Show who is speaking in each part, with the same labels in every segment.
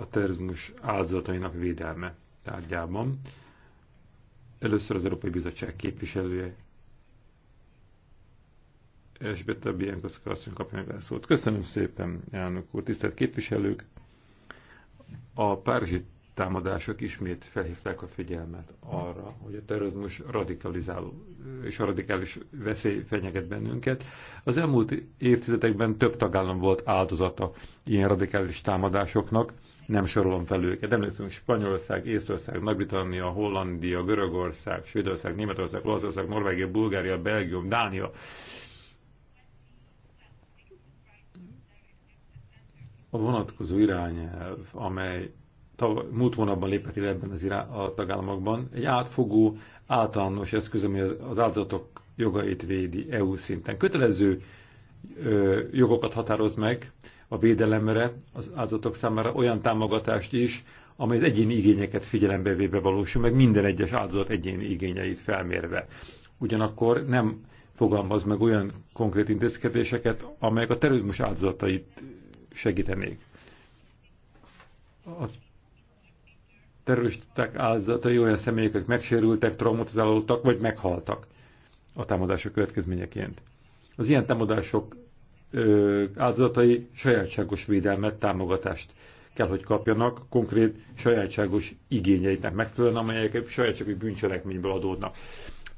Speaker 1: a terrorizmus áldozatainak védelme tárgyában. Először az Európai Bizottság képviselője Esbeta Biancoszka asszony kapja meg a szót. Köszönöm szépen, elnök úr, tisztelt képviselők! A párizsi támadások ismét felhívták a figyelmet arra, hogy a terrorizmus radikalizáló és a radikális veszély fenyeget bennünket. Az elmúlt évtizedekben több tagállam volt áldozata ilyen radikális támadásoknak, nem sorolom fel őket. Emlékszünk Spanyolország, Észország, Nagy-Britannia, Hollandia, Görögország, Svédország, Németország, Olaszország, Norvégia, Bulgária, Belgium, Dánia. A vonatkozó irányelv, amely tav- múlt hónapban lépett életben az irány a tagállamokban, egy átfogó, általános eszköz, ami az áldozatok jogait védi EU szinten. Kötelező ö, jogokat határoz meg, a védelemre, az áldozatok számára olyan támogatást is, amely az egyéni igényeket figyelembe véve valósul, meg minden egyes áldozat egyéni igényeit felmérve. Ugyanakkor nem fogalmaz meg olyan konkrét intézkedéseket, amelyek a terrorizmus áldozatait segítenék. A terroristák áldozatai olyan személyek, akik megsérültek, traumatizálódtak vagy meghaltak a támadások következményeként. Az ilyen támadások áldozatai sajátságos védelmet, támogatást kell, hogy kapjanak konkrét sajátságos igényeiknek megfelelően, amelyek sajátságos bűncselekményből adódnak.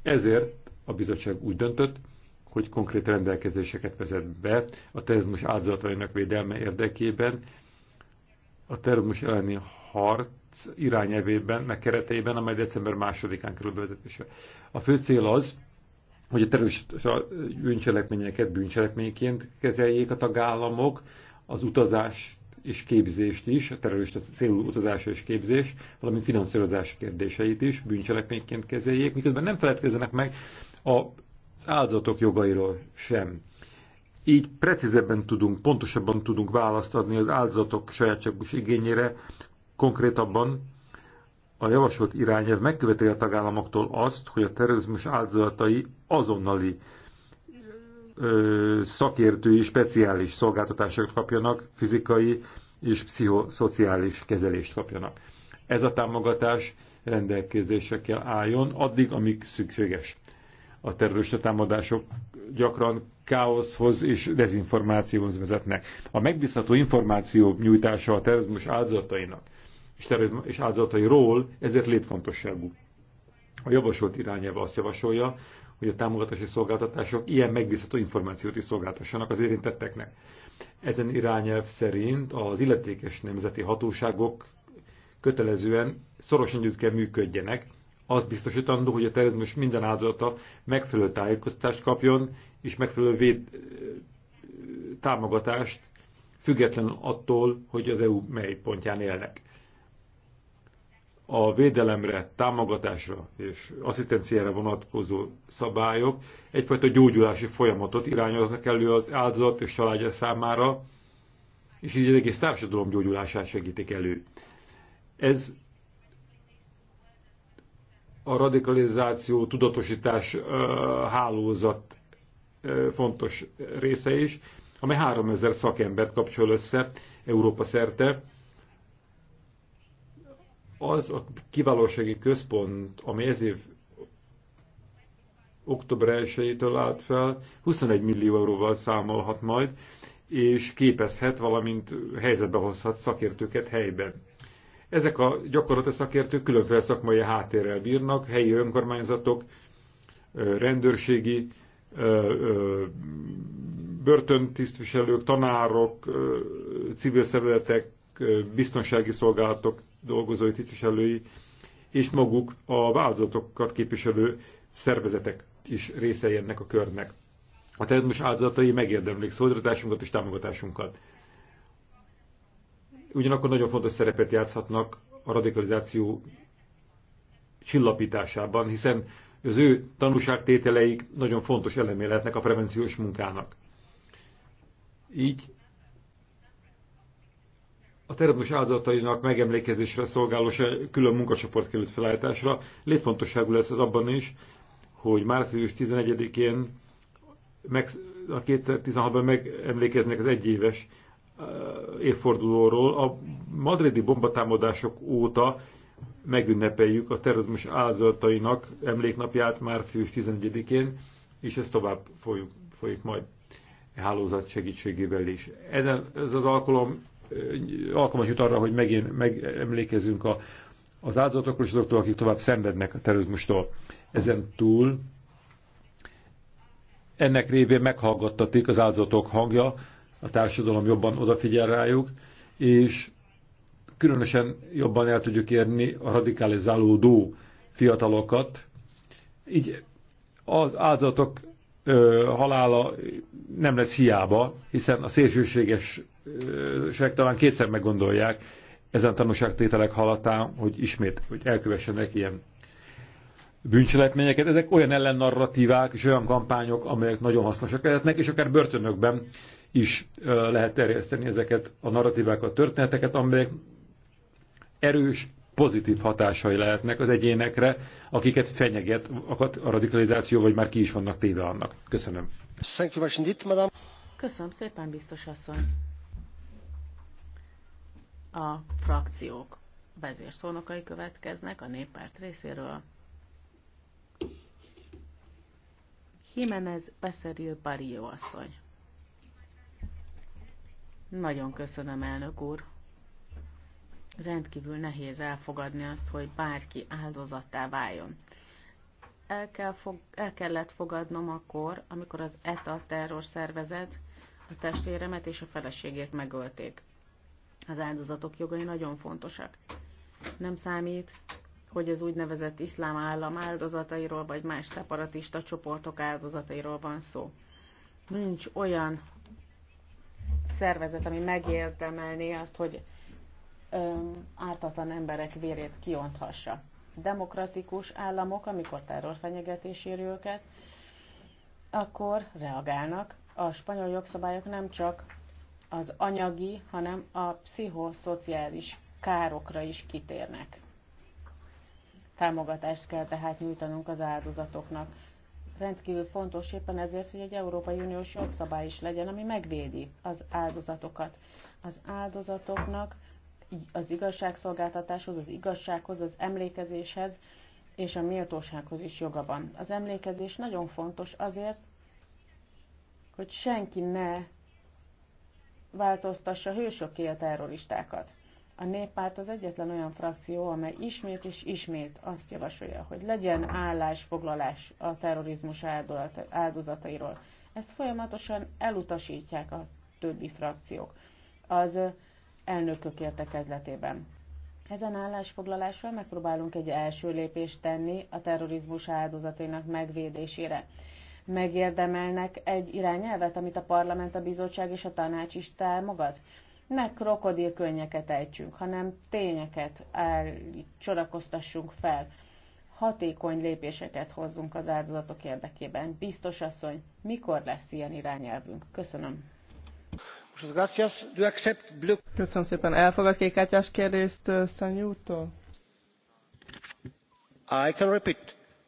Speaker 1: Ezért a bizottság úgy döntött, hogy konkrét rendelkezéseket vezet be a terrorizmus áldozatainak védelme érdekében, a terrorizmus elleni harc irányelvében, meg kereteiben, amely december másodikán kerül A fő cél az, hogy a terrorista szóval bűncselekményeket bűncselekményként kezeljék a tagállamok, az utazás és képzést is, a terrorista célú utazás és képzés, valamint finanszírozás kérdéseit is bűncselekményként kezeljék, miközben nem feledkezzenek meg az áldozatok jogairól sem. Így precízebben tudunk, pontosabban tudunk választ adni az áldozatok sajátságos igényére, konkrétabban a javasolt irányelv megköveteli a tagállamoktól azt, hogy a terrorizmus áldozatai azonnali ö, szakértői, speciális szolgáltatásokat kapjanak, fizikai és pszichoszociális kezelést kapjanak. Ez a támogatás rendelkezésekkel álljon addig, amíg szükséges. A terrorista támadások gyakran káoszhoz és dezinformációhoz vezetnek. A megbízható információ nyújtása a terrorizmus áldozatainak és és áldozatairól, ezért létfontosságú. A javasolt irányelve azt javasolja, hogy a támogatási szolgáltatások ilyen megbízható információt is szolgáltassanak az érintetteknek. Ezen irányelv szerint az illetékes nemzeti hatóságok kötelezően szorosan együtt kell működjenek, az biztosítandó, hogy a terrorizmus minden áldozata megfelelő tájékoztást kapjon, és megfelelő véd, támogatást, független attól, hogy az EU mely pontján élnek a védelemre, támogatásra és asszisztenciára vonatkozó szabályok egyfajta gyógyulási folyamatot irányoznak elő az áldozat és családja számára, és így az egész társadalom gyógyulását segítik elő. Ez a radikalizáció, tudatosítás hálózat fontos része is, amely 3000 szakembert kapcsol össze Európa szerte, az a kiválósági központ, ami ez év október 1-től állt fel, 21 millió euróval számolhat majd, és képezhet, valamint helyzetbe hozhat szakértőket helyben. Ezek a gyakorlati szakértők különféle szakmai háttérrel bírnak, helyi önkormányzatok, rendőrségi, börtöntisztviselők, tanárok, civil szervezetek, biztonsági szolgálatok dolgozói, tisztviselői, és maguk a változatokat képviselő szervezetek is részei ennek a körnek. A terrorizmus áldozatai megérdemlik szolidaritásunkat és támogatásunkat. Ugyanakkor nagyon fontos szerepet játszhatnak a radikalizáció csillapításában, hiszen az ő tanúságtételeik nagyon fontos elemé lehetnek a prevenciós munkának. Így a terrorizmus áldozatainak megemlékezésre szolgáló külön munkacsoport került felállításra. Létfontosságú lesz az abban is, hogy március 11-én a 2016-ban megemlékeznek az egyéves eh, évfordulóról. A madridi bombatámadások óta megünnepeljük a terrorizmus áldozatainak emléknapját március 11-én, és ez tovább folyik, folyik majd e hálózat segítségével is. Ezen, ez az alkalom alkalmat jut arra, hogy megint megemlékezzünk a, az áldozatokról és azoktól, akik tovább szenvednek a terrorizmustól. Ezen túl ennek révén meghallgattatik az áldozatok hangja, a társadalom jobban odafigyel rájuk, és különösen jobban el tudjuk érni a radikalizálódó fiatalokat. Így az áldozatok ö, halála nem lesz hiába, hiszen a szélsőséges talán kétszer meggondolják ezen tanúságtételek halatán, hogy ismét hogy elkövessenek ilyen bűncselekményeket. Ezek olyan ellennarratívák és olyan kampányok, amelyek nagyon hasznosak lehetnek, és akár börtönökben is lehet terjeszteni ezeket a narratívákat, történeteket, amelyek erős, pozitív hatásai lehetnek az egyénekre, akiket fenyeget a radikalizáció, vagy már ki is vannak téve annak. Köszönöm.
Speaker 2: Köszönöm szépen, biztos asszony. A frakciók vezérszónokai következnek a néppárt részéről. Jimenez Beszeril Barrio asszony. Nagyon köszönöm, elnök úr. Rendkívül nehéz elfogadni azt, hogy bárki áldozattá váljon. El, kell fog, el kellett fogadnom akkor, amikor az ETA terror szervezet a testvéremet és a feleségét megölték. Az áldozatok jogai nagyon fontosak. Nem számít, hogy az úgynevezett iszlám állam áldozatairól vagy más szeparatista csoportok áldozatairól van szó. Nincs olyan szervezet, ami megérdemelné azt, hogy öm, ártatlan emberek vérét kionthassa. Demokratikus államok, amikor terrorfenyegetés éri őket, akkor reagálnak. A spanyol jogszabályok nem csak az anyagi, hanem a pszichoszociális károkra is kitérnek. Támogatást kell tehát nyújtanunk az áldozatoknak. Rendkívül fontos éppen ezért, hogy egy Európai Uniós jogszabály is legyen, ami megvédi az áldozatokat. Az áldozatoknak az igazságszolgáltatáshoz, az igazsághoz, az emlékezéshez és a méltósághoz is joga van. Az emlékezés nagyon fontos azért, hogy senki ne változtassa hősökké a terroristákat. A néppárt az egyetlen olyan frakció, amely ismét és ismét azt javasolja, hogy legyen állásfoglalás a terrorizmus áldozatairól. Ezt folyamatosan elutasítják a többi frakciók az elnökök értekezletében. Ezen állásfoglalással megpróbálunk egy első lépést tenni a terrorizmus áldozatainak megvédésére megérdemelnek egy irányelvet, amit a parlament, a bizottság és a tanács is támogat? Ne krokodilkönnyeket ejtsünk, hanem tényeket csodakoztassunk fel. Hatékony lépéseket hozzunk az áldozatok érdekében. Biztos asszony, mikor lesz ilyen irányelvünk? Köszönöm.
Speaker 3: Köszönöm szépen. Elfogad kékátyás kérdést Szanyútól? I can repeat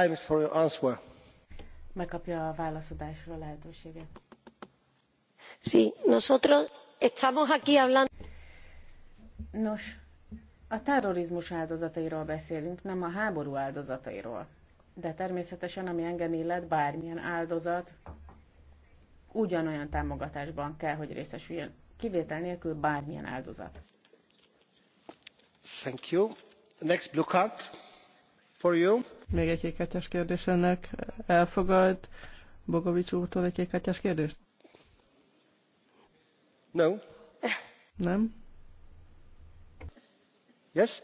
Speaker 3: times for your answer.
Speaker 2: Megkapja a válaszadásra lehetőséget.
Speaker 3: Sí, nosotros
Speaker 1: estamos aquí
Speaker 2: hablando. Nos, a terrorizmus áldozatairól beszélünk, nem a háború áldozatairól. De természetesen, ami engem illet, bármilyen áldozat ugyanolyan támogatásban kell, hogy részesüljön. Kivétel nélkül bármilyen áldozat.
Speaker 3: Thank you. Next blue card for you. Még egy kékkártyás kérdés ennek. Elfogad Bogovics úrtól egy kékkártyás kérdést? No. Nem? Yes?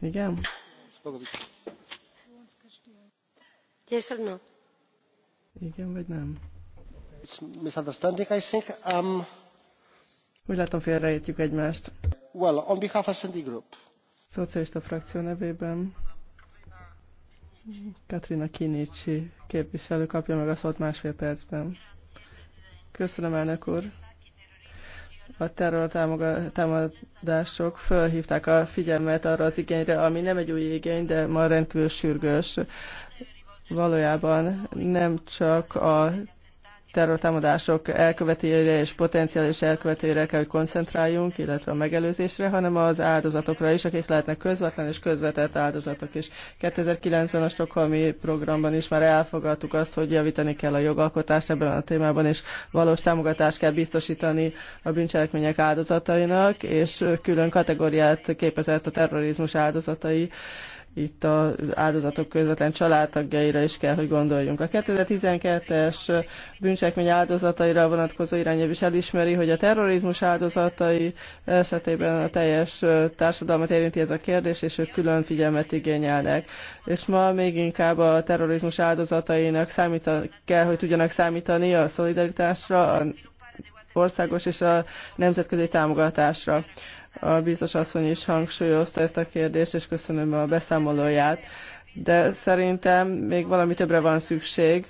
Speaker 3: Igen? Bogovics. Yes or no? Igen vagy nem? It's misunderstanding, I think. Um, Úgy látom, félreértjük egymást. Well, on behalf of the group. Szocialista frakció nevében Katrina Kinicsi képviselő kapja meg a szót másfél percben. Köszönöm, elnök úr. A támadások fölhívták a figyelmet arra az igényre, ami nem egy új igény, de ma rendkívül sürgős. Valójában nem csak a terrortámadások elkövetőjére és potenciális elkövetőjére kell, hogy koncentráljunk, illetve a megelőzésre, hanem az áldozatokra is, akik lehetnek közvetlen és közvetett áldozatok is. 2009-ben a Stokholmi programban is már elfogadtuk azt, hogy javítani kell a jogalkotást ebben a témában, és valós támogatást kell biztosítani a bűncselekmények áldozatainak, és külön kategóriát képezett a terrorizmus áldozatai itt az áldozatok közvetlen családtagjaira is kell, hogy gondoljunk. A 2012-es bűncselekmény áldozataira vonatkozó irányelv is elismeri, hogy a terrorizmus áldozatai esetében a teljes társadalmat érinti ez a kérdés, és ők külön figyelmet igényelnek. És ma még inkább a terrorizmus áldozatainak számítani kell, hogy tudjanak számítani a szolidaritásra, a országos és a nemzetközi támogatásra. A biztos asszony is hangsúlyozta ezt a kérdést, és köszönöm a beszámolóját. De szerintem még valami többre van szükség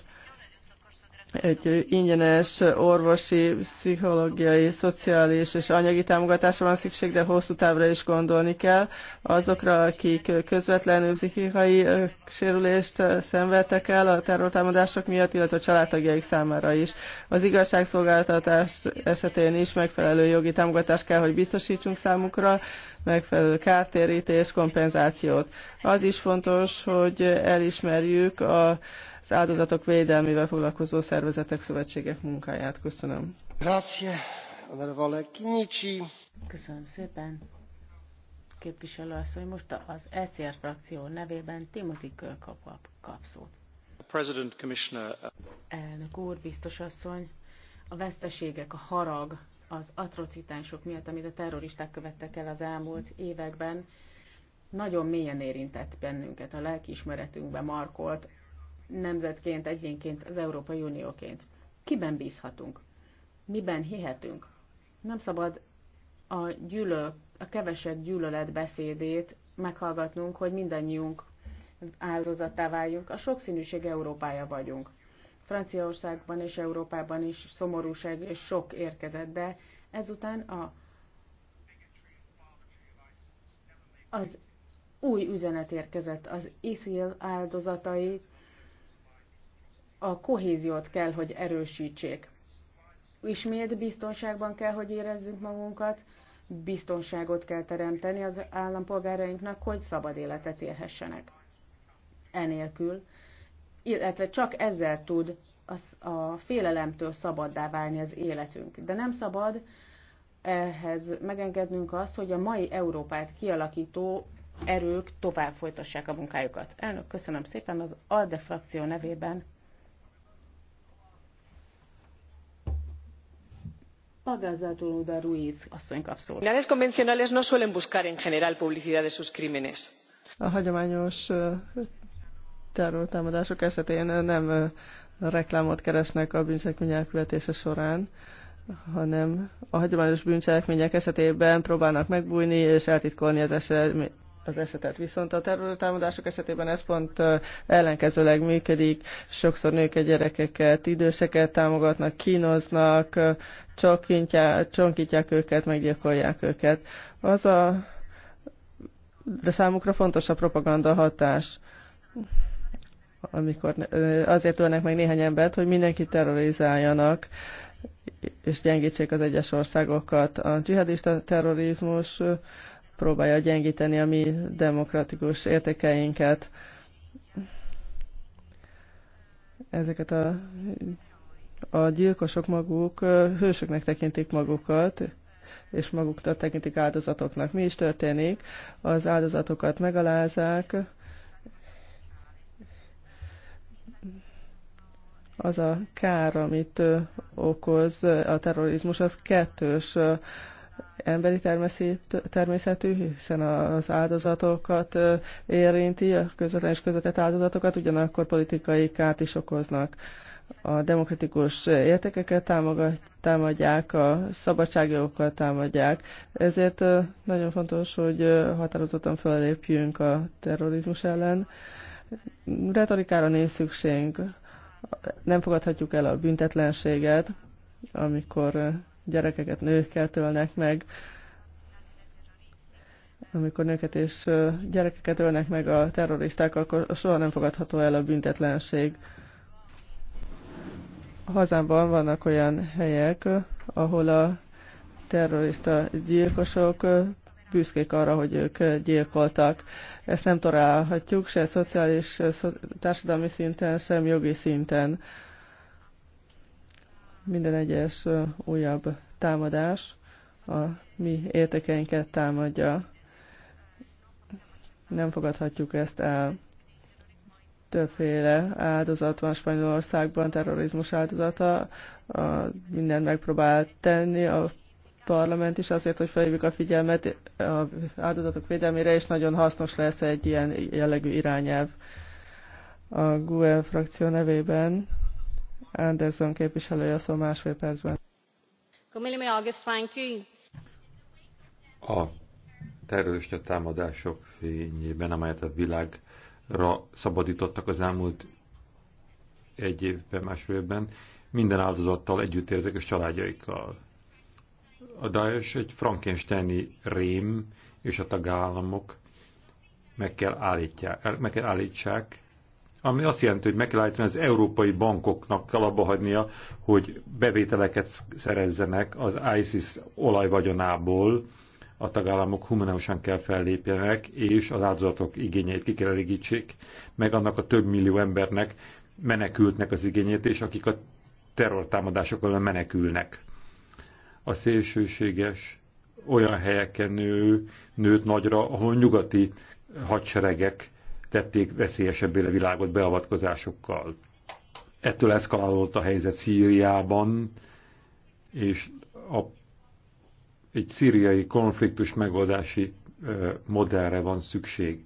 Speaker 3: egy ingyenes orvosi, pszichológiai, szociális és anyagi támogatásra van szükség, de hosszú távra is gondolni kell azokra, akik közvetlenül pszichikai sérülést szenvedtek el a terrortámadások miatt, illetve a családtagjaik számára is. Az igazságszolgáltatás esetén is megfelelő jogi támogatást kell, hogy biztosítsunk számukra, megfelelő kártérítés, kompenzációt. Az is fontos, hogy elismerjük a az áldozatok védelmével foglalkozó szervezetek, szövetségek munkáját. Köszönöm. Grazie, onorevole Kinnicsi.
Speaker 2: Köszönöm szépen. Képviselő asszony, most az ECR frakció nevében Timothy Kör kap, kap szót. Elnök úr, biztos asszony, a veszteségek, a harag, az atrocitások miatt, amit a terroristák követtek el az elmúlt években, nagyon mélyen érintett bennünket, a lelkiismeretünkbe markolt, nemzetként, egyénként, az Európai Unióként. Kiben bízhatunk? Miben hihetünk? Nem szabad a gyűlö, a kevesebb gyűlölet beszédét meghallgatnunk, hogy mindannyiunk áldozattá váljunk. A sokszínűség Európája vagyunk. Franciaországban és Európában is szomorúság és sok érkezett, de ezután a, az új üzenet érkezett. Az ISIL áldozatai a kohéziót kell, hogy erősítsék. Ismét biztonságban kell, hogy érezzünk magunkat, biztonságot kell teremteni az állampolgárainknak, hogy szabad életet élhessenek. Enélkül, illetve csak ezzel tud az, a félelemtől szabaddá válni az életünk. De nem szabad ehhez megengednünk azt, hogy a mai Európát kialakító erők tovább folytassák a munkájukat. Elnök, köszönöm szépen az ALDE frakció nevében Pagazatul Uda Ruiz asszony convencionales no suelen buscar en general publicidad de sus crímenes.
Speaker 3: A hagyományos terrortámadások esetén nem reklámot keresnek a bűncselekmény elkövetése során, hanem a hagyományos bűncselekmények esetében próbálnak megbújni és eltitkolni az az esetet. Viszont a terrortámadások esetében ez pont ellenkezőleg működik. Sokszor egy gyerekeket, időseket támogatnak, kínoznak, csonkítják őket, meggyilkolják őket. Az a de számukra fontos a propaganda hatás amikor azért ölnek meg néhány embert, hogy mindenki terrorizáljanak, és gyengítsék az egyes országokat. A dzsihadista terrorizmus próbálja gyengíteni a mi demokratikus értékeinket. Ezeket a, a gyilkosok maguk hősöknek tekintik magukat, és magukat tekintik áldozatoknak. Mi is történik? Az áldozatokat megalázák, az a kár, amit okoz a terrorizmus, az kettős emberi természetű, hiszen az áldozatokat érinti, a közvetlen és közvetett áldozatokat, ugyanakkor politikai kárt is okoznak. A demokratikus értékeket támadják, a szabadságjogokat támadják. Ezért nagyon fontos, hogy határozottan fellépjünk a terrorizmus ellen. Retorikára nincs szükség. Nem fogadhatjuk el a büntetlenséget, amikor gyerekeket, nőket ölnek meg. Amikor nőket és gyerekeket ölnek meg a terroristák, akkor soha nem fogadható el a büntetlenség. A hazámban vannak olyan helyek, ahol a terrorista gyilkosok büszkék arra, hogy ők gyilkoltak. Ezt nem torálhatjuk se szociális, társadalmi szinten, sem jogi szinten minden egyes újabb támadás a mi értékeinket támadja. Nem fogadhatjuk ezt el. Többféle áldozat van Spanyolországban, terrorizmus áldozata. A, mindent megpróbál tenni a parlament is azért, hogy felhívjuk a figyelmet az áldozatok védelmére, és nagyon hasznos lesz egy ilyen jellegű irányelv. A GUE frakció nevében Anderson képviselője szó másfél percben.
Speaker 1: A terrorista támadások fényében, amelyet a világra szabadítottak az elmúlt egy évben, másfél évben, minden áldozattal együtt érzek és családjaikkal. A Daesh egy frankensteini rém, és a tagállamok meg kell, állítják, meg kell állítsák, ami azt jelenti, hogy meg kell állítani, az európai bankoknak kell abba hagynia, hogy bevételeket szerezzenek az ISIS olajvagyonából, a tagállamok humánusan kell fellépjenek, és az áldozatok igényeit ki kell elégítsék, meg annak a több millió embernek, menekültnek az igényét, és akik a terrortámadások alól menekülnek. A szélsőséges olyan helyeken nő, nőtt nagyra, ahol nyugati hadseregek tették veszélyesebbé a világot beavatkozásokkal. Ettől eszkalálódott a helyzet Szíriában, és a, egy szíriai konfliktus megoldási ö, modellre van szükség.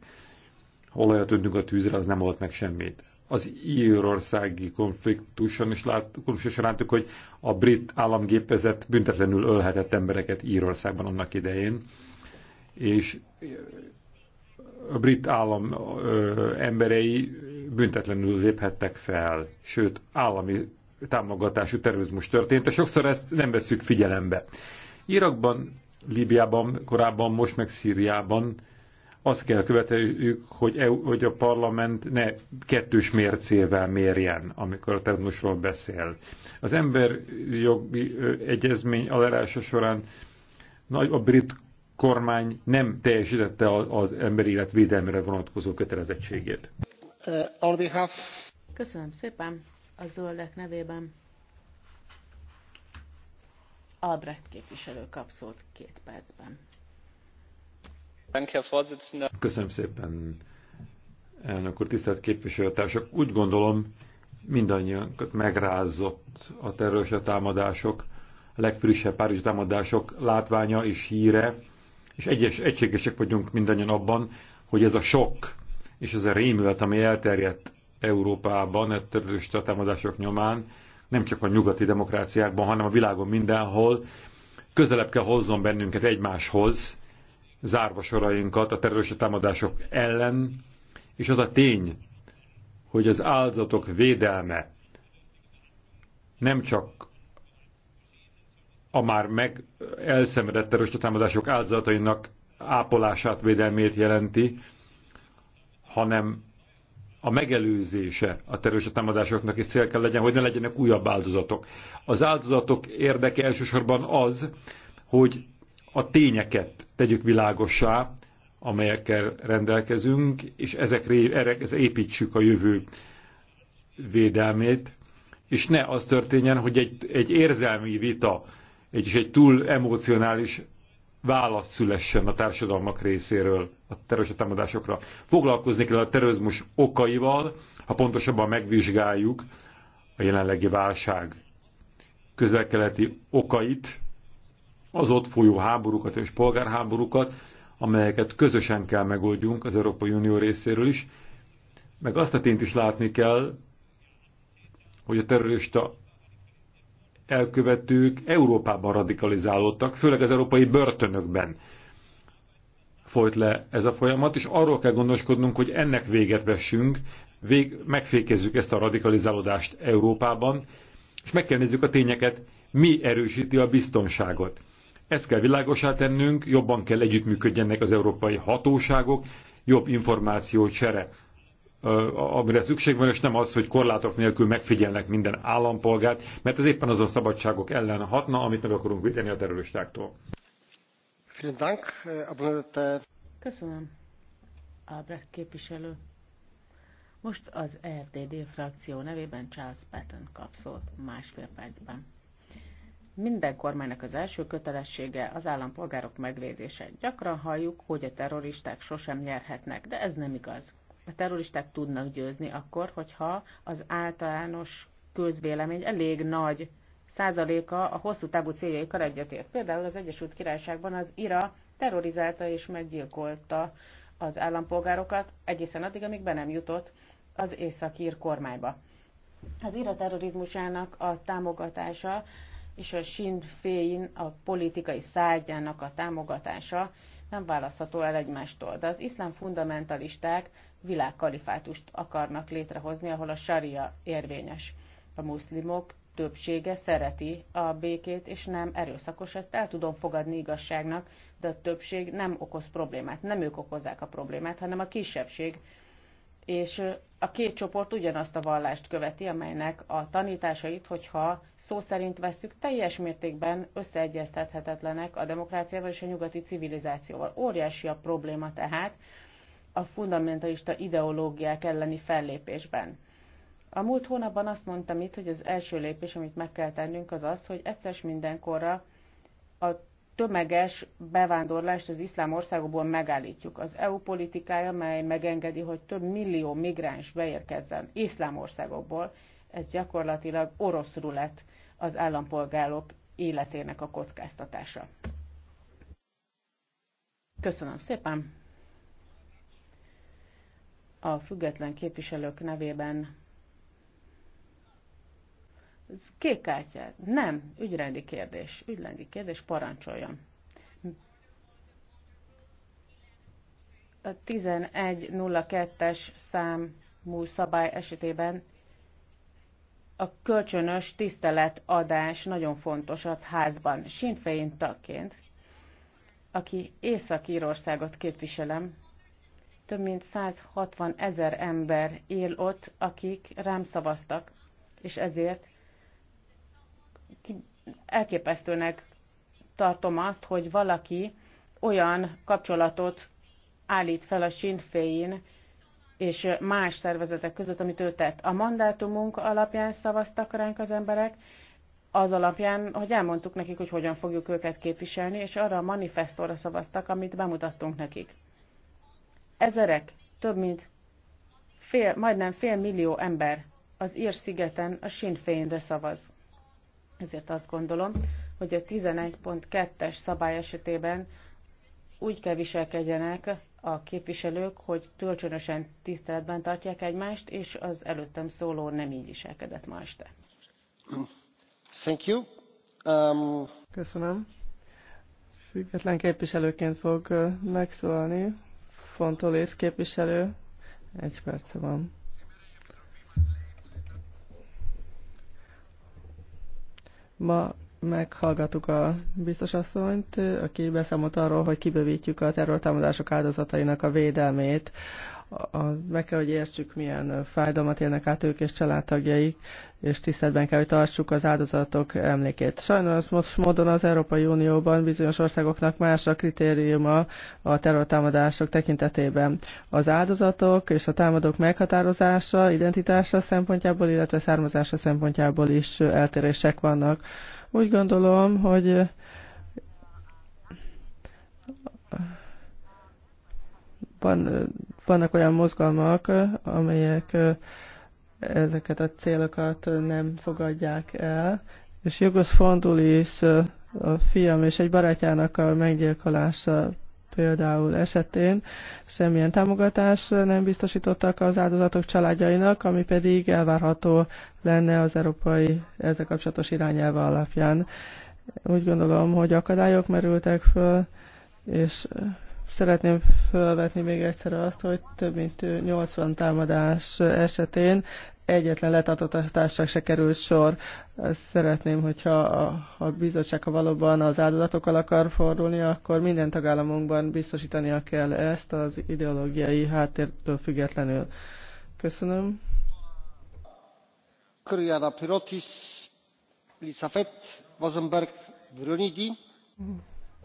Speaker 1: Ha olajat öntünk a tűzre, az nem volt meg semmit. Az írországi konfliktuson is láttuk, konfliktuson láttuk, hogy a brit államgépezet büntetlenül ölhetett embereket Írországban annak idején, és a brit állam ö, emberei büntetlenül léphettek fel, sőt állami támogatású terrorizmus történt, és sokszor ezt nem veszük figyelembe. Irakban, Líbiában, korábban, most meg Szíriában azt kell követeljük, hogy, EU, hogy a parlament ne kettős mércével mérjen, amikor a terrorizmusról beszél. Az emberjogi egyezmény alárása során a brit kormány nem teljesítette az emberi élet védelmére vonatkozó kötelezettségét.
Speaker 2: Uh, Köszönöm szépen a zöldek nevében. Albrecht képviselő kap szót két
Speaker 3: percben.
Speaker 1: Köszönöm szépen, elnök úr, tisztelt képviselőtársak. Úgy gondolom, mindannyiunkat megrázott a terrorista támadások, a legfrissebb Párizs támadások látványa és híre, és egyes, egységesek vagyunk mindannyian abban, hogy ez a sok és ez a rémület, ami elterjedt Európában, a e terrorista támadások nyomán, nem csak a nyugati demokráciákban, hanem a világon mindenhol, közelebb kell hozzon bennünket egymáshoz, zárva sorainkat a terrorista támadások ellen, és az a tény, hogy az áldozatok védelme nem csak a már meg elszenvedett terroristatámadások áldozatainak ápolását, védelmét jelenti, hanem a megelőzése a terrorista támadásoknak is cél kell legyen, hogy ne legyenek újabb áldozatok. Az áldozatok érdeke elsősorban az, hogy a tényeket tegyük világossá, amelyekkel rendelkezünk, és ezekre, erre, ez építsük a jövő védelmét, és ne az történjen, hogy egy, egy érzelmi vita egy, és egy túl emocionális válasz szülessen a társadalmak részéről a terrorista támadásokra. Foglalkozni kell a terrorizmus okaival, ha pontosabban megvizsgáljuk a jelenlegi válság közelkeleti okait, az ott folyó háborúkat és polgárháborúkat, amelyeket közösen kell megoldjunk az Európai Unió részéről is, meg azt a tényt is látni kell, hogy a terrorista elkövetők Európában radikalizálódtak, főleg az európai börtönökben folyt le ez a folyamat, és arról kell gondoskodnunk, hogy ennek véget vessünk, vég, megfékezzük ezt a radikalizálódást Európában, és meg kell nézzük a tényeket, mi erősíti a biztonságot. Ezt kell világosá tennünk, jobban kell együttműködjenek az európai hatóságok, jobb információ csere amire szükség van, és nem az, hogy korlátok nélkül megfigyelnek minden állampolgárt, mert ez éppen azon szabadságok ellen hatna, amit meg akarunk védeni a terroristáktól.
Speaker 2: Köszönöm, Albrecht képviselő. Most az RTD frakció nevében Charles Patton kap szót másfél percben. Minden kormánynak az első kötelessége az állampolgárok megvédése. Gyakran halljuk, hogy a terroristák sosem nyerhetnek, de ez nem igaz a terroristák tudnak győzni akkor, hogyha az általános közvélemény elég nagy százaléka a hosszú távú céljaikkal egyetért. Például az Egyesült Királyságban az IRA terrorizálta és meggyilkolta az állampolgárokat egészen addig, amíg be nem jutott az északír kormányba. Az IRA terrorizmusának a támogatása és a Sinn Féin a politikai szágyának a támogatása nem választható el egymástól. De az iszlám fundamentalisták világkalifátust akarnak létrehozni, ahol a saria érvényes. A muszlimok többsége szereti a békét, és nem erőszakos, ezt el tudom fogadni igazságnak, de a többség nem okoz problémát. Nem ők okozzák a problémát, hanem a kisebbség. És a két csoport ugyanazt a vallást követi, amelynek a tanításait, hogyha szó szerint vesszük, teljes mértékben összeegyeztethetetlenek a demokráciával és a nyugati civilizációval. Óriási a probléma tehát, a fundamentalista ideológiák elleni fellépésben. A múlt hónapban azt mondtam itt, hogy az első lépés, amit meg kell tennünk, az az, hogy egyszer mindenkorra a tömeges bevándorlást az iszlám országokból megállítjuk. Az EU politikája, mely megengedi, hogy több millió migráns beérkezzen iszlám országokból, ez gyakorlatilag orosz rulett az állampolgárok életének a kockáztatása. Köszönöm szépen! a független képviselők nevében kék kártyát. Nem, ügyrendi kérdés. Ügyrendi kérdés, parancsoljon. A 11.02-es számú szabály esetében a kölcsönös tiszteletadás nagyon fontos a házban. Sinfein tagként, aki Észak-Írországot képviselem, több mint 160 ezer ember él ott, akik rám szavaztak, és ezért elképesztőnek tartom azt, hogy valaki olyan kapcsolatot állít fel a Sinn és más szervezetek között, amit ő tett. A mandátumunk alapján szavaztak ránk az emberek, az alapján, hogy elmondtuk nekik, hogy hogyan fogjuk őket képviselni, és arra a manifestóra szavaztak, amit bemutattunk nekik. Ezerek, több mint fél, majdnem fél millió ember az Ír-szigeten a Sinn Féinre szavaz. Ezért azt gondolom, hogy a 11.2-es szabály esetében úgy kell viselkedjenek a képviselők, hogy tölcsönösen tiszteletben tartják egymást, és az előttem szóló nem így viselkedett ma este.
Speaker 3: Thank you. Um... Köszönöm. Független képviselőként fog megszólalni Fontolész képviselő. Egy perce van. Ma meghallgattuk a biztosasszonyt, aki beszámolt arról, hogy kibővítjük a terrortámadások áldozatainak a védelmét a, meg kell, hogy értsük, milyen fájdalmat élnek át ők és családtagjaik, és tiszteletben kell, hogy tartsuk az áldozatok emlékét. Sajnos most módon az Európai Unióban bizonyos országoknak más a kritériuma a terrortámadások tekintetében. Az áldozatok és a támadók meghatározása, identitása szempontjából, illetve származása szempontjából is eltérések vannak. Úgy gondolom, hogy van, vannak olyan mozgalmak, amelyek ezeket a célokat nem fogadják el, és Jogos Fondulis a fiam és egy barátjának a meggyilkolása például esetén semmilyen támogatás nem biztosítottak az áldozatok családjainak, ami pedig elvárható lenne az európai ezzel kapcsolatos irányelve alapján. Úgy gondolom, hogy akadályok merültek föl, és Szeretném felvetni még egyszer azt, hogy több mint 80 támadás esetén egyetlen letartóztatásra se került sor. Szeretném, hogyha a, a bizottság, ha valóban az áldozatokkal akar fordulni, akkor minden tagállamunkban biztosítania kell ezt az ideológiai háttértől függetlenül. Köszönöm. Köszönöm. Pirotis, Vazenberg, Vrönidi.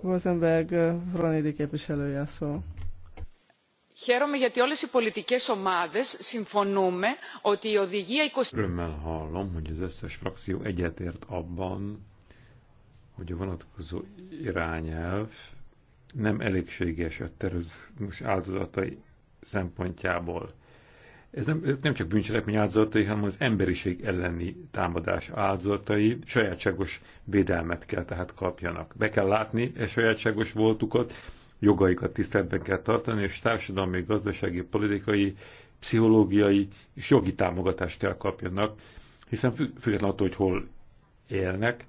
Speaker 3: Rosenberg Vronidi képviselője a szó.
Speaker 2: Χαίρομαι γιατί όλες οι πολιτικές ομάδες συμφωνούμε ότι η οδηγία 20... Örömmel
Speaker 1: hallom, hogy az összes frakció egyetért abban, hogy a vonatkozó irányelv nem elégséges a terrorizmus áldozatai szempontjából ez nem, nem csak bűncselekmény áldozatai, hanem az emberiség elleni támadás áldozatai sajátságos védelmet kell tehát kapjanak. Be kell látni e sajátságos voltukat, jogaikat tiszteletben kell tartani, és társadalmi, gazdasági, politikai, pszichológiai és jogi támogatást kell kapjanak, hiszen függetlenül attól, hogy hol élnek,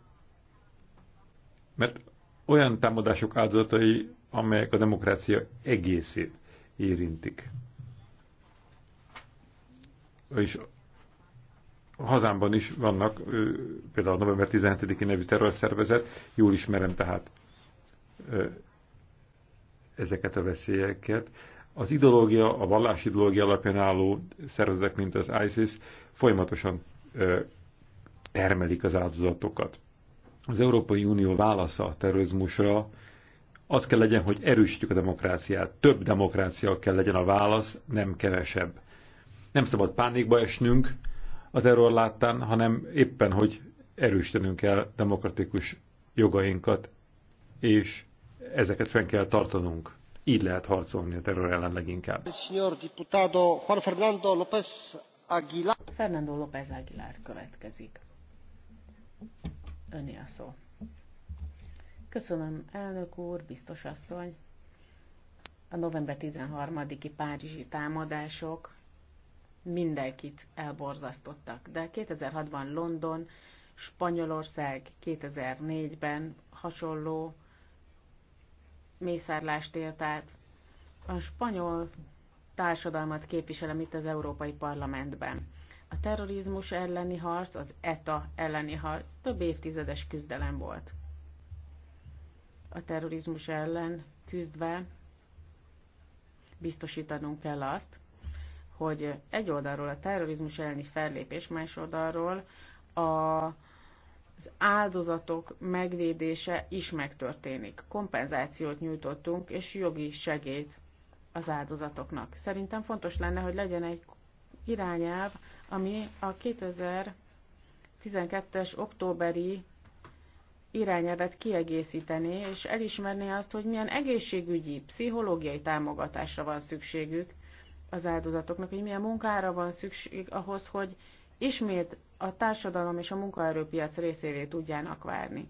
Speaker 1: mert olyan támadások áldozatai, amelyek a demokrácia egészét érintik és hazámban is vannak, például november 17-i nevű terrorszervezet, jól ismerem tehát ezeket a veszélyeket. Az ideológia, a vallási ideológia alapján álló szervezetek, mint az ISIS, folyamatosan termelik az áldozatokat. Az Európai Unió válasza a terrorizmusra az kell legyen, hogy erősítjük a demokráciát. Több demokrácia kell legyen a válasz, nem kevesebb. Nem szabad pánikba esnünk a terror láttán, hanem éppen, hogy erősítenünk kell demokratikus jogainkat, és ezeket fenn kell tartanunk. Így lehet harcolni a terror ellen leginkább.
Speaker 3: Juan
Speaker 2: Fernando López Aguilar. Fernando López Aguilar következik. Öné a szó. Köszönöm, elnök úr, biztos asszony. A november 13-i párizsi támadások mindenkit elborzasztottak. De 2006-ban London, Spanyolország 2004-ben hasonló mészárlást élt át. A spanyol társadalmat képviselem itt az Európai Parlamentben. A terrorizmus elleni harc, az ETA elleni harc több évtizedes küzdelem volt. A terrorizmus ellen küzdve biztosítanunk kell azt, hogy egy oldalról a terrorizmus elleni fellépés, más oldalról a, az áldozatok megvédése is megtörténik. Kompenzációt nyújtottunk, és jogi segélyt az áldozatoknak. Szerintem fontos lenne, hogy legyen egy irányelv, ami a 2012-es októberi irányelvet kiegészíteni, és elismerni azt, hogy milyen egészségügyi, pszichológiai támogatásra van szükségük, az áldozatoknak, hogy milyen munkára van szükség ahhoz, hogy ismét a társadalom és a munkaerőpiac részévé tudjának várni.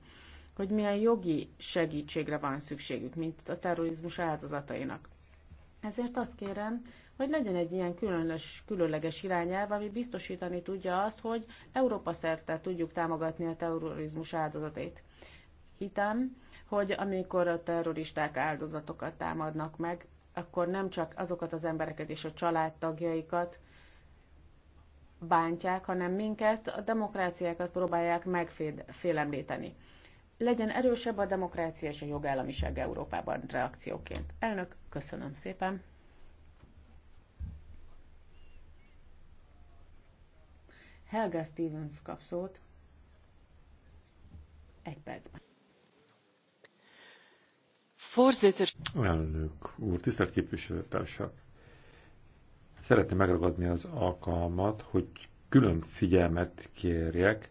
Speaker 2: Hogy milyen jogi segítségre van szükségük, mint a terrorizmus áldozatainak. Ezért azt kérem, hogy legyen egy ilyen különös, különleges irányelv, ami biztosítani tudja azt, hogy Európa szerte tudjuk támogatni a terrorizmus áldozatait. Hitem, hogy amikor a terroristák áldozatokat támadnak meg, akkor nem csak azokat az embereket és a családtagjaikat bántják, hanem minket, a demokráciákat próbálják megfélemlíteni. Legyen erősebb a demokrácia és a jogállamiság Európában reakcióként. Elnök, köszönöm szépen! Helga Stevens kap szót. Egy percben. Voorzitter.
Speaker 1: Elnök úr, tisztelt képviselőtársak! Szeretném megragadni az alkalmat, hogy külön figyelmet kérjek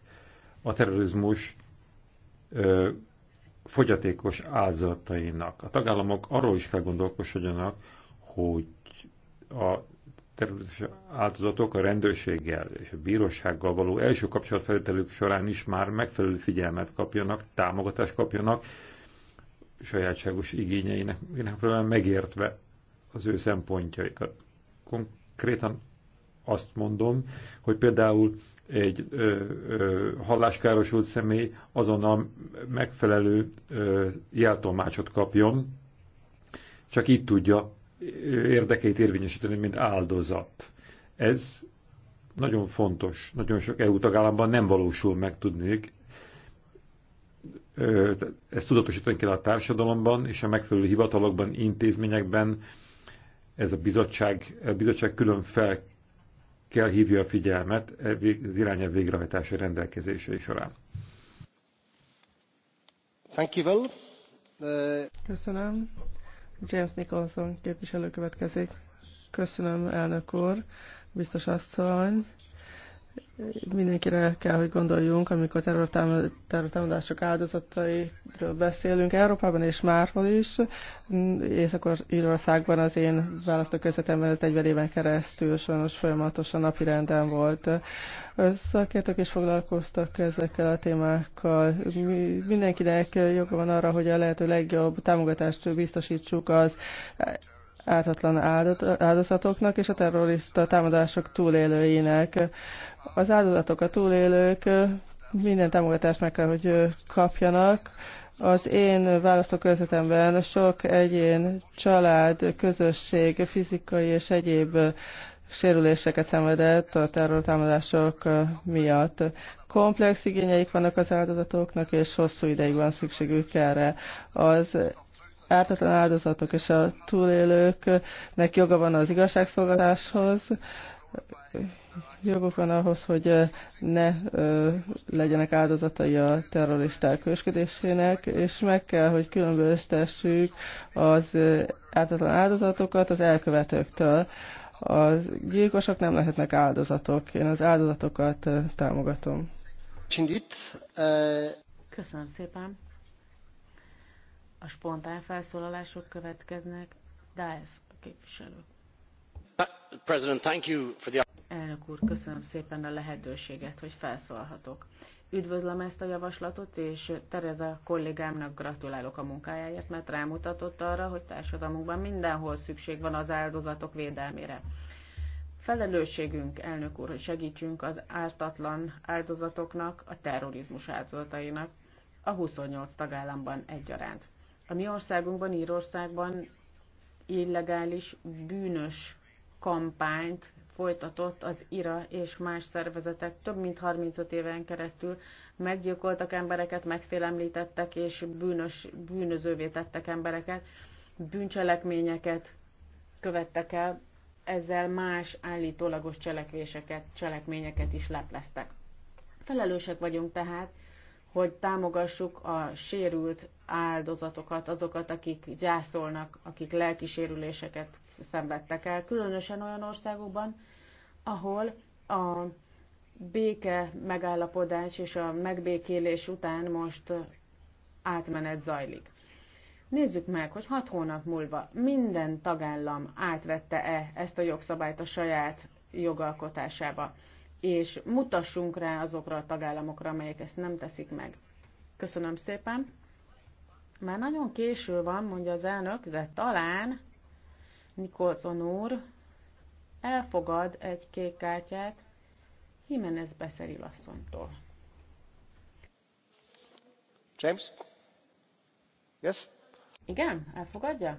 Speaker 1: a terrorizmus ö, fogyatékos áldozatainak. A tagállamok arról is kell gondolkodjanak, hogy a terrorizmus áldozatok a rendőrséggel és a bírósággal való első kapcsolatfelvételük során is már megfelelő figyelmet kapjanak, támogatást kapjanak, sajátságos igényeinek megfelelően megértve az ő szempontjaikat. Konkrétan azt mondom, hogy például egy ö, ö, halláskárosult személy azonnal megfelelő ö, jeltolmácsot kapjon, csak így tudja érdekeit érvényesíteni, mint áldozat. Ez nagyon fontos. Nagyon sok EU tagállamban nem valósul meg tudnék ezt tudatosítani kell a társadalomban és a megfelelő hivatalokban, intézményekben. Ez a bizottság, a bizottság külön fel kell hívja a figyelmet e az irányelv végrehajtása rendelkezései során.
Speaker 3: Thank you, well. Uh... Köszönöm. James Nicholson képviselő következik. Köszönöm, elnök úr, biztos asszony mindenkire kell, hogy gondoljunk, amikor terrortámadások áldozatairól beszélünk Európában és máshol is. Észak-Írországban az én választókörzetemben ez 40 éven keresztül sajnos folyamatosan napi renden volt. Szakértők is foglalkoztak ezekkel a témákkal. Mindenkinek joga van arra, hogy a lehető legjobb támogatást biztosítsuk az ártatlan áldozatoknak és a terrorista támadások túlélőinek. Az áldozatok, a túlélők minden támogatást meg kell, hogy kapjanak. Az én választókörzetemben sok egyén, család, közösség, fizikai és egyéb sérüléseket szenvedett a terrortámadások miatt. Komplex igényeik vannak az áldozatoknak, és hosszú ideig van szükségük erre. Az ártatlan áldozatok és a túlélőknek joga van az igazságszolgáláshoz, joguk van ahhoz, hogy eh, ne eh, legyenek áldozatai a terroristák kösködésének, és meg kell, hogy különböztessük az eh, ártatlan áldozatokat az elkövetőktől. A gyilkosok nem lehetnek áldozatok. Én az áldozatokat támogatom.
Speaker 2: Köszönöm szépen. A spontán felszólalások következnek. Daes a képviselő. Uh, President, thank you for the... Elnök úr, köszönöm szépen a lehetőséget, hogy felszólhatok. Üdvözlöm ezt a javaslatot, és Tereza kollégámnak gratulálok a munkájáért, mert rámutatott arra, hogy társadalmunkban mindenhol szükség van az áldozatok védelmére. Felelősségünk, elnök úr, hogy segítsünk az ártatlan áldozatoknak, a terrorizmus áldozatainak a 28 tagállamban egyaránt. A mi országunkban, Írországban illegális, bűnös kampányt folytatott az IRA és más szervezetek több mint 35 éven keresztül meggyilkoltak embereket, megfélemlítettek és bűnös, bűnözővé tettek embereket, bűncselekményeket követtek el, ezzel más állítólagos cselekvéseket, cselekményeket is lepleztek. Felelősek vagyunk tehát hogy támogassuk a sérült áldozatokat, azokat, akik gyászolnak, akik lelki sérüléseket szenvedtek el, különösen olyan országokban, ahol a béke megállapodás és a megbékélés után most átmenet zajlik. Nézzük meg, hogy hat hónap múlva minden tagállam átvette-e ezt a jogszabályt a saját jogalkotásába és mutassunk rá azokra a tagállamokra, amelyek ezt nem teszik meg. Köszönöm szépen. Már nagyon késő van, mondja az elnök, de talán Nikolson úr elfogad egy kék kártyát Jimenez Beszeril asszonytól. James? Yes? Igen, elfogadja?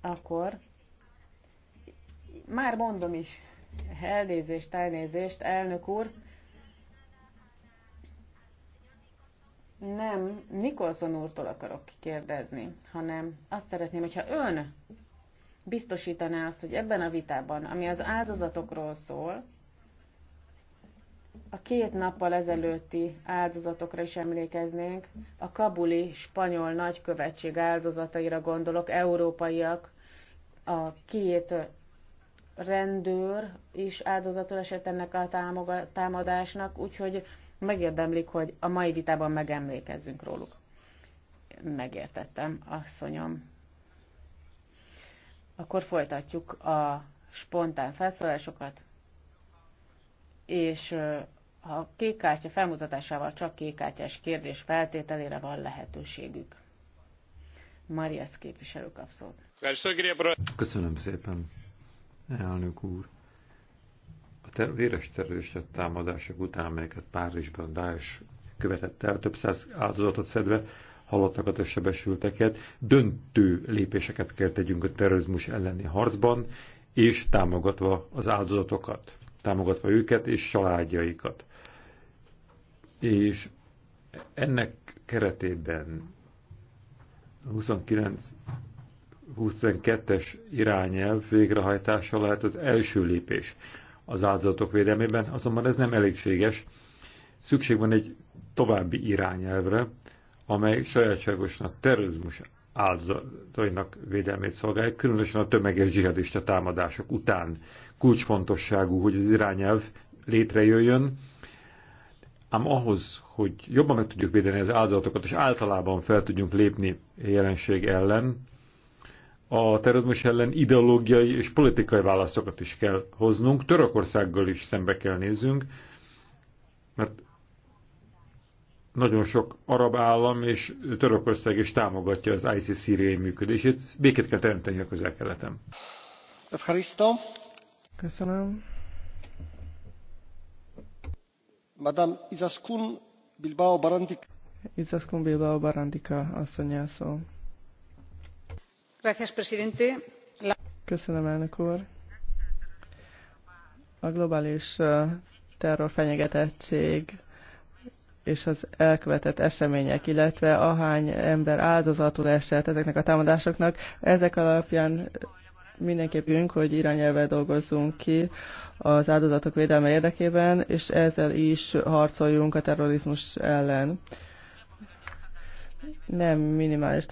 Speaker 2: Akkor már mondom is. Elnézést, elnézést, elnök úr. Nem Nikolson úrtól akarok kérdezni, hanem azt szeretném, hogyha ön biztosítaná azt, hogy ebben a vitában, ami az áldozatokról szól, a két nappal ezelőtti áldozatokra is emlékeznénk, a kabuli spanyol nagykövetség áldozataira gondolok, európaiak, a két rendőr is áldozatul esett ennek a támadásnak, úgyhogy megérdemlik, hogy a mai vitában megemlékezzünk róluk. Megértettem, asszonyom. Akkor folytatjuk a spontán felszólásokat, és a kártya felmutatásával csak kártyás kérdés feltételére van lehetőségük. Marias
Speaker 1: képviselő kapszót. Köszönöm szépen elnök úr. A ter véres terrorista támadások után, melyeket Párizsban Daesh követett el, több száz áldozatot szedve, halottakat és sebesülteket, döntő lépéseket kell tegyünk a terrorizmus elleni harcban, és támogatva az áldozatokat, támogatva őket és családjaikat. És ennek keretében 29 22-es irányelv végrehajtása lehet az első lépés az áldozatok védelmében, azonban ez nem elégséges. Szükség van egy további irányelvre, amely sajátságosan a terrorizmus áldozatainak védelmét szolgálja, különösen a tömeges zsihadista támadások után. Kulcsfontosságú, hogy az irányelv létrejöjjön, ám ahhoz, hogy jobban meg tudjuk védeni az áldozatokat, és általában fel tudjunk lépni jelenség ellen, a terrorizmus ellen ideológiai és politikai válaszokat is kell hoznunk, Törökországgal is szembe kell néznünk, mert nagyon sok arab állam és Törökország is támogatja az ISIS szíriai működését. Békét kell teremteni a közel-keleten.
Speaker 3: Köszönöm. Madame Izaskun Bilbao Barandika. Izaskun Bilbao Barandika asszonyászó. Köszönöm, A globális terrorfenyegetettség és az elkövetett események, illetve ahány ember áldozatul esett ezeknek a támadásoknak. Ezek alapján mindenképpünk, hogy irányelvvel dolgozzunk ki az áldozatok védelme érdekében, és ezzel is harcoljunk a terrorizmus ellen nem minimális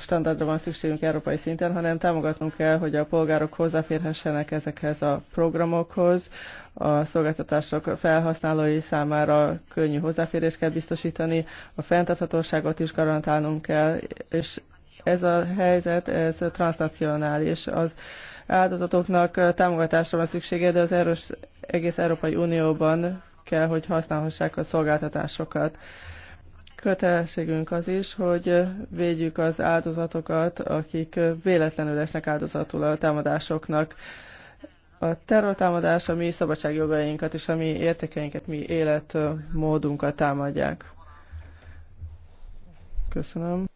Speaker 3: standardra van szükségünk európai szinten, hanem támogatnunk kell, hogy a polgárok hozzáférhessenek ezekhez a programokhoz, a szolgáltatások felhasználói számára könnyű hozzáférést kell biztosítani, a fenntarthatóságot is garantálnunk kell, és ez a helyzet, ez transnacionális. Az áldozatoknak támogatásra van szüksége, de az erős, egész Európai Unióban kell, hogy használhassák a szolgáltatásokat Kötelességünk az is, hogy védjük az áldozatokat, akik véletlenül esnek áldozatul a támadásoknak. A terrortámadás a mi szabadságjogainkat és a mi értékeinket, mi életmódunkat támadják. Köszönöm.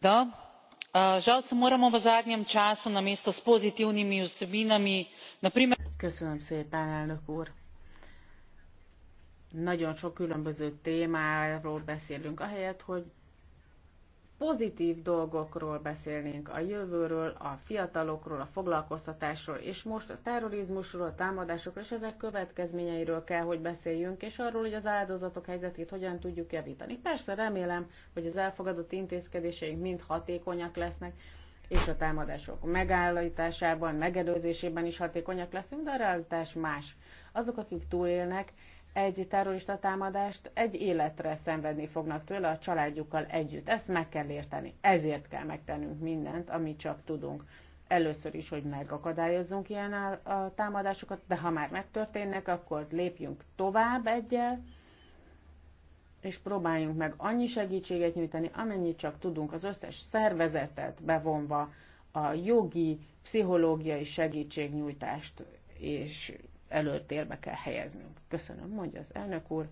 Speaker 2: Da. Žal se moramo v zadnjem času namesto s pozitivnimi vsebinami, na Köszönöm szépen, elnök úr nagyon sok különböző témáról beszélünk, ahelyett, hogy pozitív dolgokról beszélnénk, a jövőről, a fiatalokról, a foglalkoztatásról, és most a terrorizmusról, a támadásokról és ezek következményeiről kell, hogy beszéljünk, és arról, hogy az áldozatok helyzetét hogyan tudjuk javítani. Persze remélem, hogy az elfogadott intézkedéseink mind hatékonyak lesznek, és a támadások megállításában, megelőzésében is hatékonyak leszünk, de a realitás más. Azok, akik túlélnek, egy terrorista támadást egy életre szenvedni fognak tőle a családjukkal együtt. Ezt meg kell érteni. Ezért kell megtennünk mindent, amit csak tudunk. Először is, hogy megakadályozzunk ilyen a támadásokat, de ha már megtörténnek, akkor lépjünk tovább egyel, és próbáljunk meg annyi segítséget nyújtani, amennyit csak tudunk, az összes szervezetet bevonva, a jogi, pszichológiai segítségnyújtást és előtérbe kell helyeznünk. Köszönöm, mondja az elnök úr.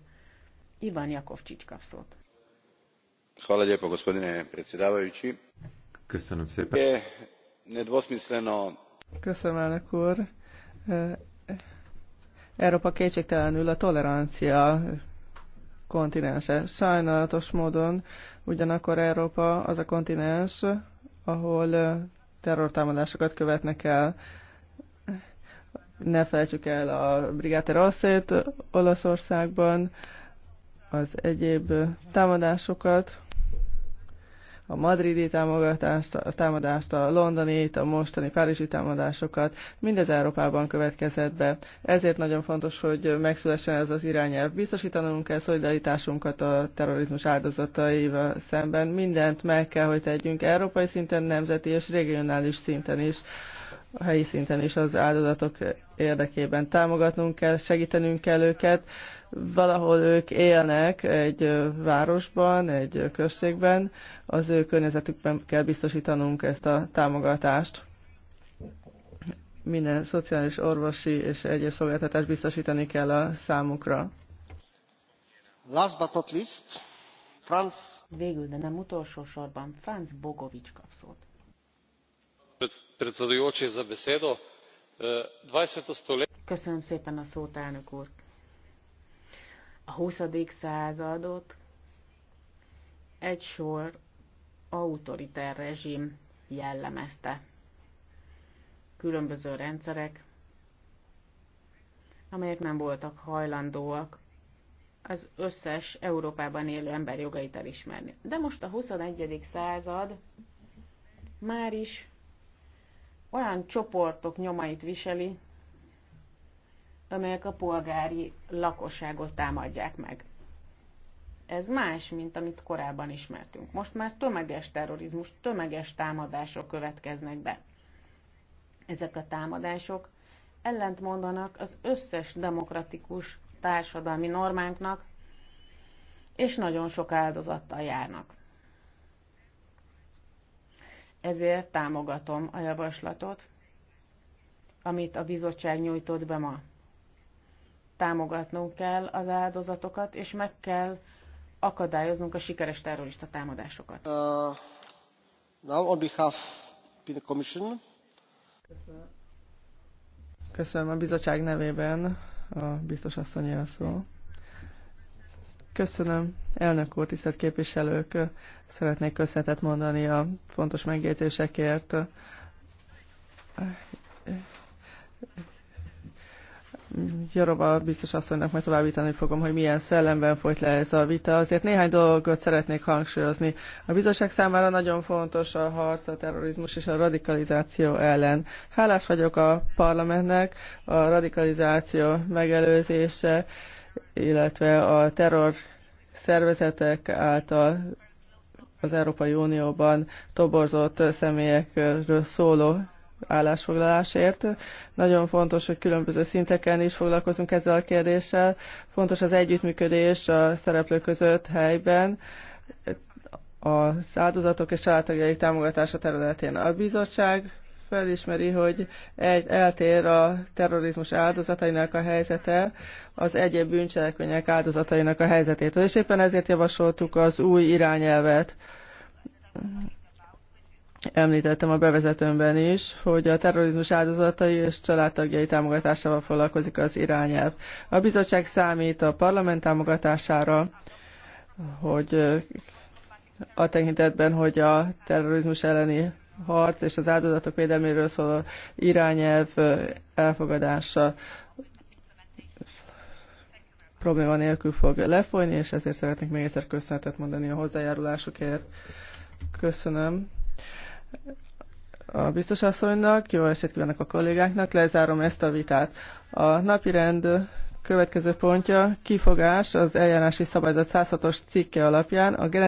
Speaker 2: Iván Jakov kap szót.
Speaker 1: Köszönöm szépen.
Speaker 3: Köszönöm, elnök úr. E, Európa kétségtelenül a tolerancia kontinense. Sajnálatos módon ugyanakkor Európa az a kontinens, ahol terrortámadásokat követnek el ne felejtsük el a Brigate Rosszét Olaszországban, az egyéb támadásokat, a madridi támogatást, a támadást, a londoni, a mostani párizsi támadásokat, mindez Európában következett be. Ezért nagyon fontos, hogy megszülessen ez az irányelv. Biztosítanunk kell szolidaritásunkat a terrorizmus áldozataival szemben. Mindent meg kell, hogy tegyünk európai szinten, nemzeti és regionális szinten is a helyi szinten is az áldozatok érdekében. Támogatnunk kell, segítenünk kell őket. Valahol ők élnek egy városban, egy községben, az ő környezetükben kell biztosítanunk ezt a támogatást. Minden szociális, orvosi és egyéb szolgáltatást biztosítani kell a számukra.
Speaker 2: Last but not least, Franz... Végül, de nem utolsó sorban, Franz Bogovics kap Eh, Köszönöm szépen a szót, elnök úr. A 20. századot egy sor autoriter rezsim jellemezte. Különböző rendszerek, amelyek nem voltak hajlandóak az összes Európában élő ember jogait elismerni. De most a 21. század már is olyan csoportok nyomait viseli, amelyek a polgári lakosságot támadják meg. Ez más, mint amit korábban ismertünk. Most már tömeges terrorizmus, tömeges támadások következnek be. Ezek a támadások ellentmondanak az összes demokratikus társadalmi normánknak, és nagyon sok áldozattal járnak. Ezért támogatom a javaslatot, amit a bizottság nyújtott be ma. Támogatnunk kell az áldozatokat, és meg kell akadályoznunk a sikeres terrorista
Speaker 3: támadásokat. Uh, now on behalf the Commission. Köszönöm. Köszönöm a bizottság nevében a biztos asszony szó. Köszönöm, elnök úr, tisztelt képviselők. Szeretnék köszönetet mondani a fontos megjegyzésekért. Jarova biztos asszonynak majd továbbítani fogom, hogy milyen szellemben folyt le ez a vita. Azért néhány dolgot szeretnék hangsúlyozni. A bizottság számára nagyon fontos a harc a terrorizmus és a radikalizáció ellen. Hálás vagyok a parlamentnek, a radikalizáció megelőzése illetve a terror szervezetek által az Európai Unióban toborzott személyekről szóló állásfoglalásért. Nagyon fontos, hogy különböző szinteken is foglalkozunk ezzel a kérdéssel. Fontos az együttműködés a szereplők között helyben, az áldozatok és családtagjai támogatása területén. A bizottság felismeri, hogy egy, eltér a terrorizmus áldozatainak a helyzete az egyéb bűncselekmények áldozatainak a helyzetétől, és éppen ezért javasoltuk az új irányelvet. Említettem a bevezetőmben is, hogy a terrorizmus áldozatai és családtagjai támogatásával foglalkozik az irányelv. A bizottság számít a parlament támogatására, hogy a tekintetben, hogy a terrorizmus elleni harc és az áldozatok védelméről szóló irányelv elfogadása probléma nélkül fog lefolyni, és ezért szeretnék még egyszer köszönetet mondani a hozzájárulásukért. Köszönöm a biztosasszonynak, jó esélyt kívánok a kollégáknak, lezárom ezt a vitát. A napi rend következő pontja kifogás az eljárási szabályzat 106-os cikke alapján a